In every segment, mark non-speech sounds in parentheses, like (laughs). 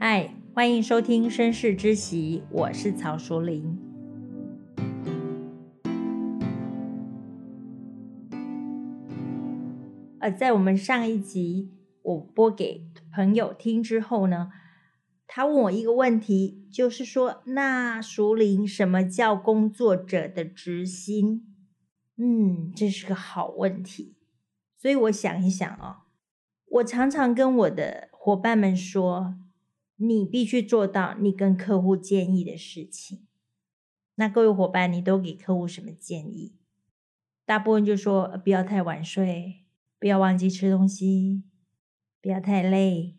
嗨，歡迎收聽《紳士之喜》，我是曹淑玲。呃，在我們上一集我播給朋友聽之後呢，他問我一個問題，就是說，那淑玲什麼叫工作者的職心？嗯，這是個好問題，所以我想一想啊、哦，我常常跟我的夥伴們說。你必須做到你跟客戶建議的事情。那各位夥伴，你都給客戶什麼建議？大部分就說，呃，不要太晚睡，不要忘記吃東西，不要太累，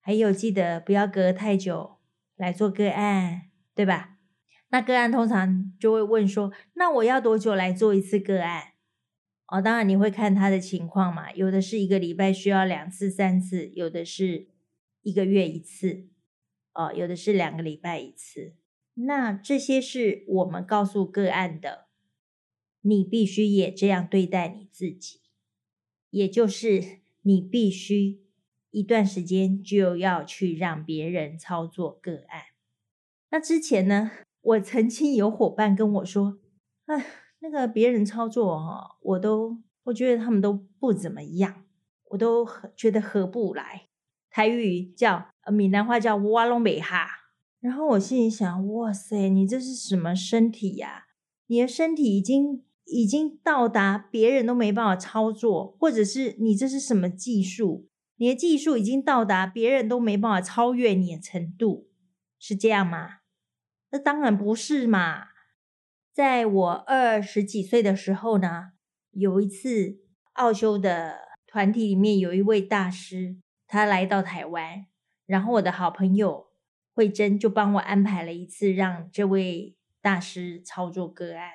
還有記得不要隔太久來做個案，對吧？那個案通常就會問說，那我要多久來做一次個案？哦，當然你會看他的情況嘛，有的是一個禮拜需要兩次、三次，有的是一個月一次。呃、哦，有的是兩個禮拜一次，那這些是我們告訴個案的，你必須也這樣對待你自己，也就是你必須一段時間就要去讓別人操作個案。那之前呢，我曾經有伙伴跟我說，啊，那個別人操作啊，我都我覺得他們都不怎麼樣，我都覺得合不來。台語叫，呃，閩南話叫哇隆美哈。然後我心裡想，哇塞，你這是什麼身體呀？你的身體已經已經到達別人都沒辦法操作，或者是你這是什麼技術？你的技術已經到達別人都沒辦法超越你的程度，是這樣嗎？那當然不是嘛。在我二十幾歲的時候呢，有一次奧修的團體裡面有一位大師。他來到台灣，然後我的好朋友慧珍就幫我安排了一次讓這位大師操作個案。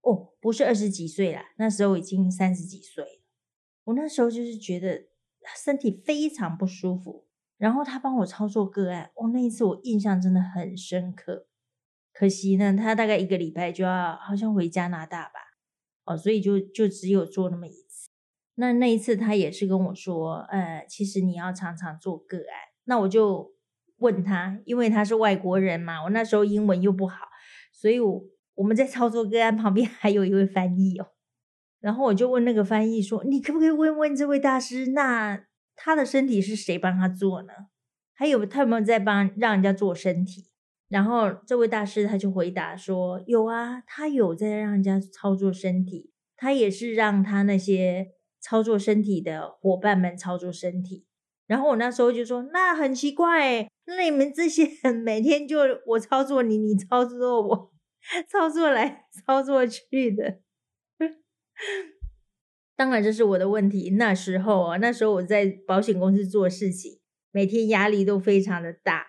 哦，不是二十幾歲啦，那時候已經三十幾歲了。我那時候就是覺得身體非常不舒服，然後他幫我操作個案。哦，那一次我印象真的很深刻。可惜呢，他大概一個禮拜就要好像回加拿大吧，哦，所以就就只有做那麼一次。那那一次，他也是跟我說，呃，其實你要常常做個案。那我就問他，因為他是外國人嘛，我那時候英文又不好，所以我我們在操作個案旁邊還有一位翻譯哦。然後我就問那個翻譯說：“你可不可以問問這位大師，那他的身體是誰幫他做呢？還有，他有沒有在幫讓人家做身體？”然後這位大師他就回答說：“有啊，他有在讓人家操作身體，他也是讓他那些。”操作身體的夥伴們操作身體，然後我那時候就說：“那很奇怪，那你們這些人每天就我操作你，你操作我，操作來操作去的。 (laughs) ”當然這是我的問題。那時候啊，那時候我在保險公司做事情，每天壓力都非常的大。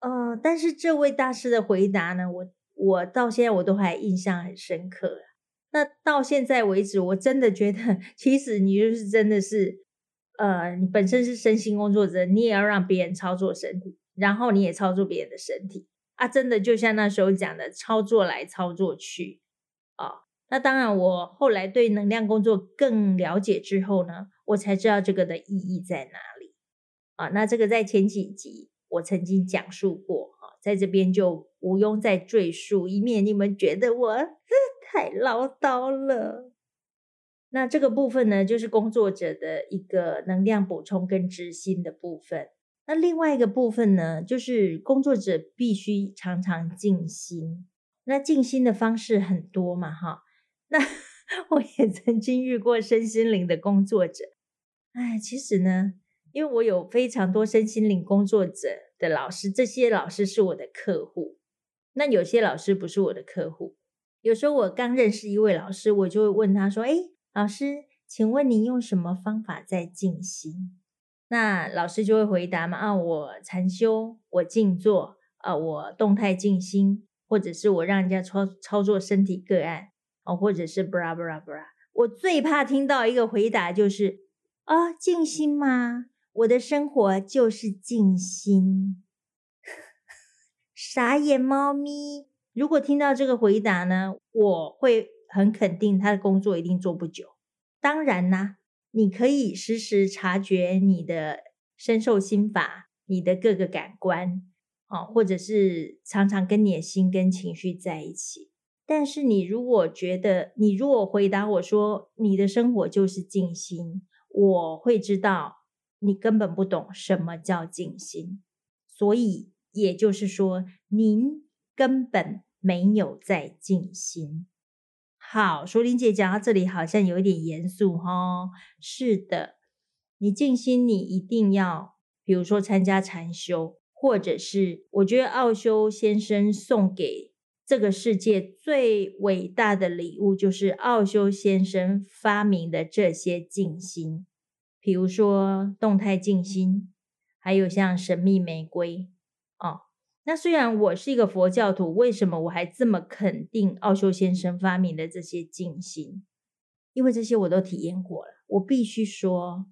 嗯、呃，但是這位大師的回答呢，我我到現在我都還印象很深刻。那到現在為止，我真的覺得，其實你就是真的是，呃，你本身是身心工作者，你也要讓別人操作身體，然後你也操作別人的身體啊！真的就像那時候講的，操作來操作去，啊、哦，那當然，我後來對能量工作更了解之後呢，我才知道這個的意義在哪裡啊、哦！那這個在前幾集我曾經講述過啊、哦，在這邊就毋庸再贅述一面，以免你們覺得我。太嘮叨了。那這個部分呢，就是工作者的一個能量補充跟知心的部分。那另外一個部分呢，就是工作者必須常常靜心。那靜心的方式很多嘛，哈。那我也曾經遇過身心靈的工作者。哎，其實呢，因為我有非常多身心靈工作者的老師，這些老師是我的客戶。那有些老師不是我的客戶。有時候我剛認識一位老師，我就會問他說：“誒，老師，請問您用什麼方法在靜心？”那老師就會回答嘛：“啊，我禪修，我靜坐，啊，我動態靜心，或者是我讓人家操操作身體個案，哦，或者是布拉布拉布拉。”我最怕聽到一個回答就是：“啊，靜心嗎？我的生活就是靜心。 (laughs) ”傻眼貓咪。如果聽到這個回答呢，我會很肯定他的工作一定做不久。當然啦，啊，你可以時時察覺你的身受心法，你的各個感官，啊，哦，或者是常常跟你的心跟情緒在一起。但是你如果覺得，你如果回答我說你的生活就是靜心，我會知道你根本不懂什麼叫靜心。所以也就是說，您。根本沒有在靜心。好，淑玲姐講到這裡好像有一點嚴肅哈，哦。是的，你靜心，你一定要，比如說參加禪修，或者是我覺得奧修先生送給這個世界最偉大的禮物，就是奧修先生發明的這些靜心，比如說動態靜心，還有像神秘玫瑰。那雖然我是一個佛教徒，為什麼我還這麼肯定奧修先生發明的這些靜心？因為這些我都體驗過了。我必須說，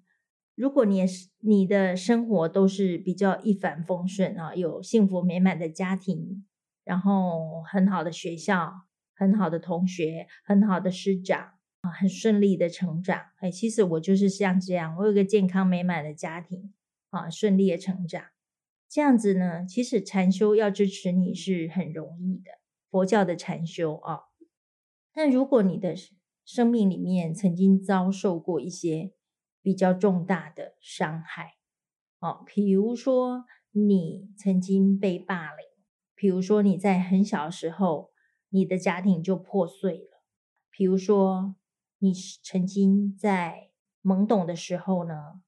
如果你也是，你的生活都是比較一帆風順啊，有幸福美滿的家庭，然後很好的學校，很好的同學，很好的師長啊，很順利的成長。哎，其實我就是像這樣，我有個健康美滿的家庭啊，順利的成長。這樣子呢，其實禪修要支持你是很容易的，佛教的禪修啊、哦。但如果你的生命裡面曾經遭受過一些比較重大的傷害，哦，比如說你曾經被霸凌，比如說你在很小的時候，你的家庭就破碎了，比如說你曾經在懵懂的時候呢，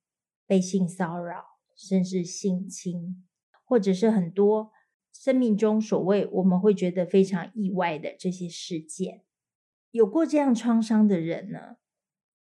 被性騷擾，甚至性侵。或者是很多生命中所謂我們會覺得非常意外的這些事件，有過這樣創傷的人呢，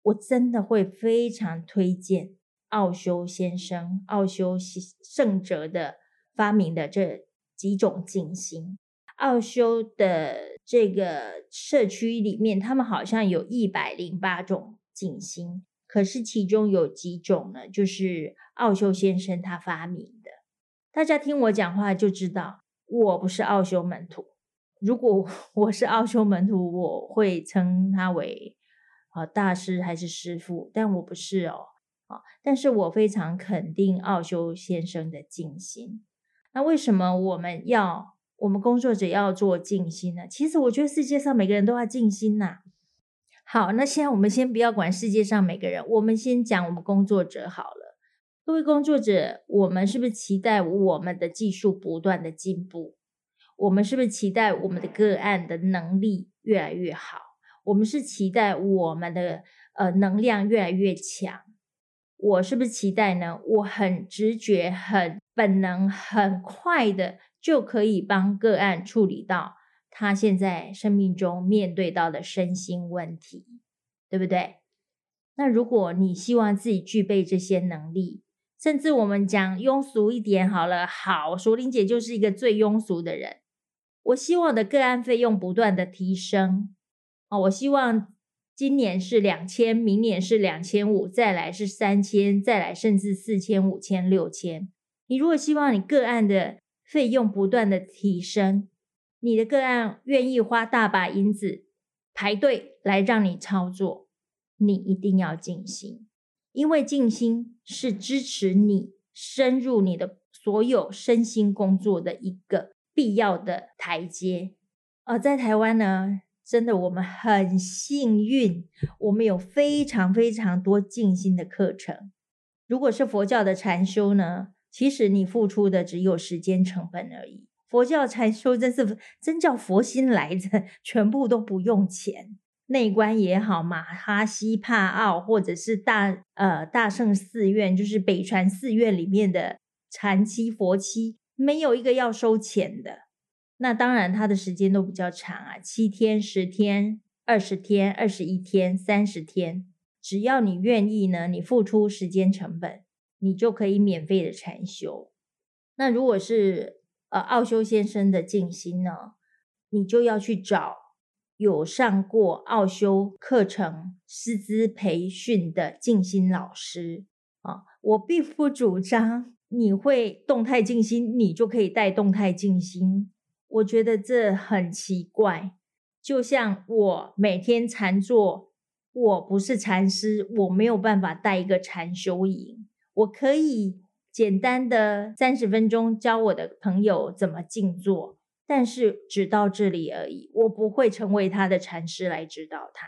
我真的會非常推薦奧修先生、奧修聖哲的發明的這幾種靜心。奧修的這個社區裡面，他們好像有一百零八種靜心，可是其中有幾種呢，就是奧修先生他發明。大家聽我講話就知道，我不是奧修門徒。如果我是奧修門徒，我會稱他為啊大師還是師傅，但我不是哦。啊，但是我非常肯定奧修先生的靜心。那為什麼我們要，我們工作者要做靜心呢？其實我覺得世界上每個人都要靜心吶、啊。好，那現在我們先不要管世界上每個人，我們先講我們工作者好了。各位工作者，我們是不是期待我們的技術不斷的進步？我們是不是期待我們的個案的能力越來越好？我們是期待我們的呃能量越來越強？我是不是期待呢？我很直覺、很本能、很快的就可以幫個案處理到他現在生命中面對到的身心問題，對不對？那如果你希望自己具備這些能力，甚至我們講庸俗一點好了，好，淑玲姐就是一個最庸俗的人。我希望的個案費用不斷的提升。哦，我希望今年是兩千，明年是兩千五，再來是三千，再來甚至四千、五千、六千。你如果希望你個案的費用不斷的提升，你的個案願意花大把銀子排隊來讓你操作，你一定要靜心。因為靜心是支持你深入你的所有身心工作的一個必要的台階。而在台灣呢，真的我們很幸運，我們有非常非常多靜心的課程。如果是佛教的禪修呢，其實你付出的只有時間成本而已。佛教禪修真是真叫佛心來着，全部都不用錢。內觀也好嘛，馬哈希帕奧，或者是大呃大聖寺院，就是北傳寺院裡面的禪七佛七，沒有一個要收錢的。那當然，他的時間都比較長啊，七天、十天、二十天、二十一天、三十天，只要你願意呢，你付出時間成本，你就可以免費的禪修。那如果是呃奧修先生的靜心呢，你就要去找。有上過奧修課程師資培訓的靜心老師啊，我並不主張，你會動態靜心，你就可以帶動態靜心。我覺得這很奇怪。就像我每天禪坐，我不是禪師，我沒有辦法帶一個禪修營，我可以簡單的三十分鐘教我的朋友怎麼靜坐。但是只到這裡而已，我不會成為他的禪師來指導他。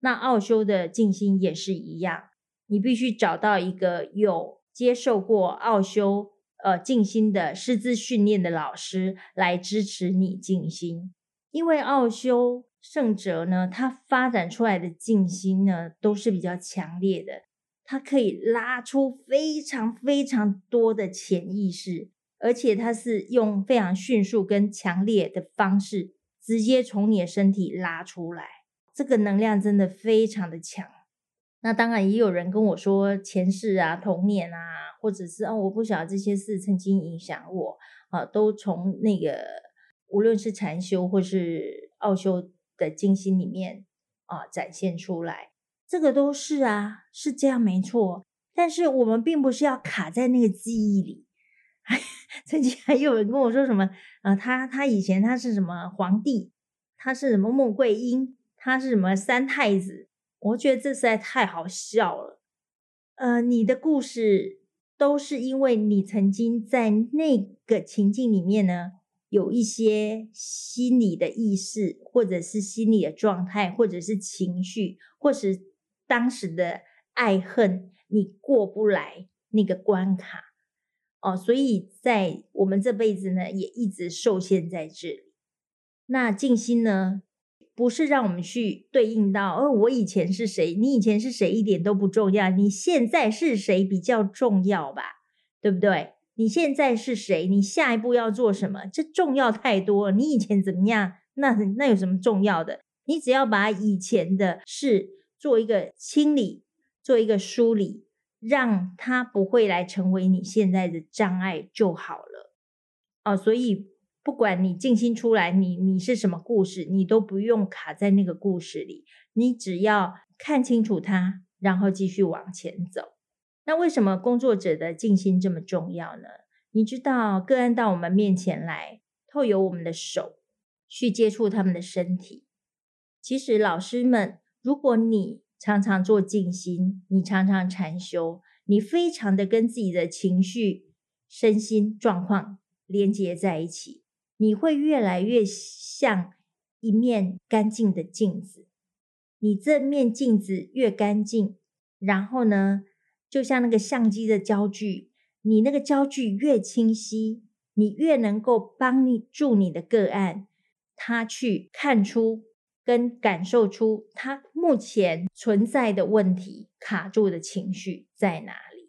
那奧修的靜心也是一樣，你必須找到一個有接受過奧修呃、靜心的師資訓練的老師來支持你靜心，因為奧修聖哲呢，他發展出來的靜心呢都是比較強烈的，他可以拉出非常非常多的潛意識。而且它是用非常迅速跟強烈的方式，直接從你的身體拉出來，這個能量真的非常的強。那當然也有人跟我說前世啊、童年啊，或者是哦我不曉得這些事曾經影響我啊，都從那個無論是禪修或是奧修的靜心裡面啊展現出來，這個都是啊，是這樣沒錯。但是我們並不是要卡在那個記憶裡。 (laughs) 曾經還有人跟我說什麼啊、呃？他他以前他是什麼皇帝？他是什麼穆桂英？他是什麼三太子？我覺得這實在太好笑了。呃，你的故事都是因為你曾經在那個情境裡面呢，有一些心理的意識，或者是心理的狀態，或者是情緒，或是當時的愛恨，你過不來那個關卡。哦，所以在我們這輩子呢，也一直受限在這裡。那靜心呢，不是讓我們去對應到，哦，我以前是誰，你以前是誰，一點都不重要，你現在是誰比較重要吧？對不對？你現在是誰？你下一步要做什麼？這重要太多。你以前怎麼樣？那那有什麼重要的？你只要把以前的事做一個清理，做一個梳理。讓他不會來成為你現在的障礙就好了。哦，所以不管你靜心出來，你你是什麼故事，你都不用卡在那個故事裡，你只要看清楚它，然後繼續往前走。那為什麼工作者的靜心這麼重要呢？你知道個案到我們面前來，透由我們的手去接觸他們的身體，其實老師們，如果你。常常做靜心，你常常禪修，你非常的跟自己的情緒、身心狀況連接在一起，你會越來越像一面乾淨的鏡子。你這面鏡子越乾淨，然後呢，就像那個相機的焦距，你那個焦距越清晰，你越能夠幫你，助你的個案，他去看出。跟感受出他目前存在的問題、卡住的情緒在哪裡。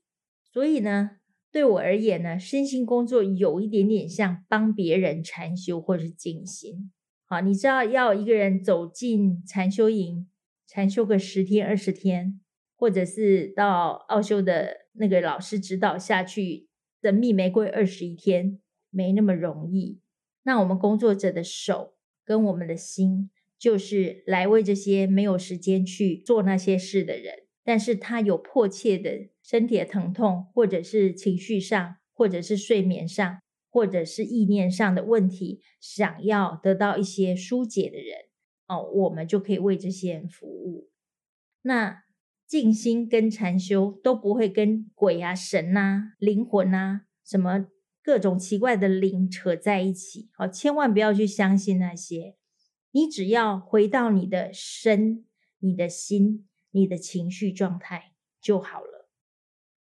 所以呢，對我而言呢，身心工作有一點點像幫別人禪修或是靜心。好，你知道要一個人走進禪修營，禪修個十天二十天，或者是到奧修的那個老師指導下去神秘玫瑰二十一天，沒那麼容易。那我們工作者的手跟我們的心，就是來為這些沒有時間去做那些事的人，但是他有迫切的身體的疼痛，或者是情緒上，或者是睡眠上，或者是意念上的問題，想要得到一些疏解的人，哦，我們就可以為這些人服務。那靜心跟禪修都不會跟鬼啊、神啊、靈魂啊、什麼各種奇怪的靈扯在一起，哦，千萬不要去相信那些。你只要回到你的身、你的心、你的情緒狀態就好了。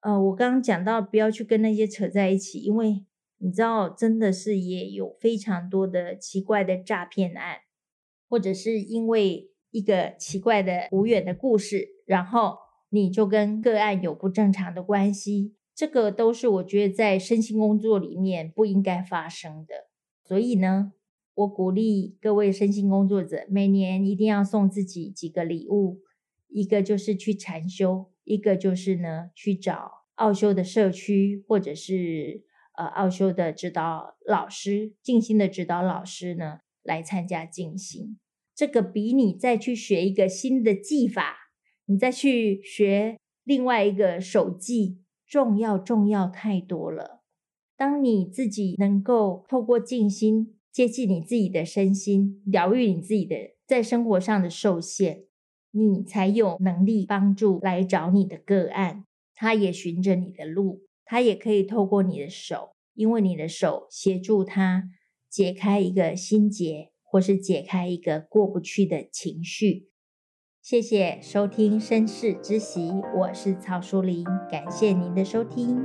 呃，我剛剛講到不要去跟那些扯在一起，因為你知道，真的是也有非常多的奇怪的詐騙案，或者是因為一個奇怪的無緣的故事，然後你就跟個案有不正常的關係，這個都是我覺得在身心工作裡面不應該發生的。所以呢，我鼓勵各位身心工作者，每年一定要送自己幾個禮物，一個就是去禪修，一個就是呢去找奧修的社區，或者是呃奧修的指導老師，靜心的指導老師呢來參加靜心。這個比你再去學一個新的技法，你再去學另外一個手技，重要重要太多了。當你自己能夠透過靜心，貼近你自己的身心，療癒你自己的，在生活上的受限，你才有能力幫助來找你的個案，他也循着你的路，他也可以透過你的手，因為你的手協助他解開一個心結，或是解開一個過不去的情緒。謝謝收聽《身世之喜》，我是曹淑玲，感謝您的收聽。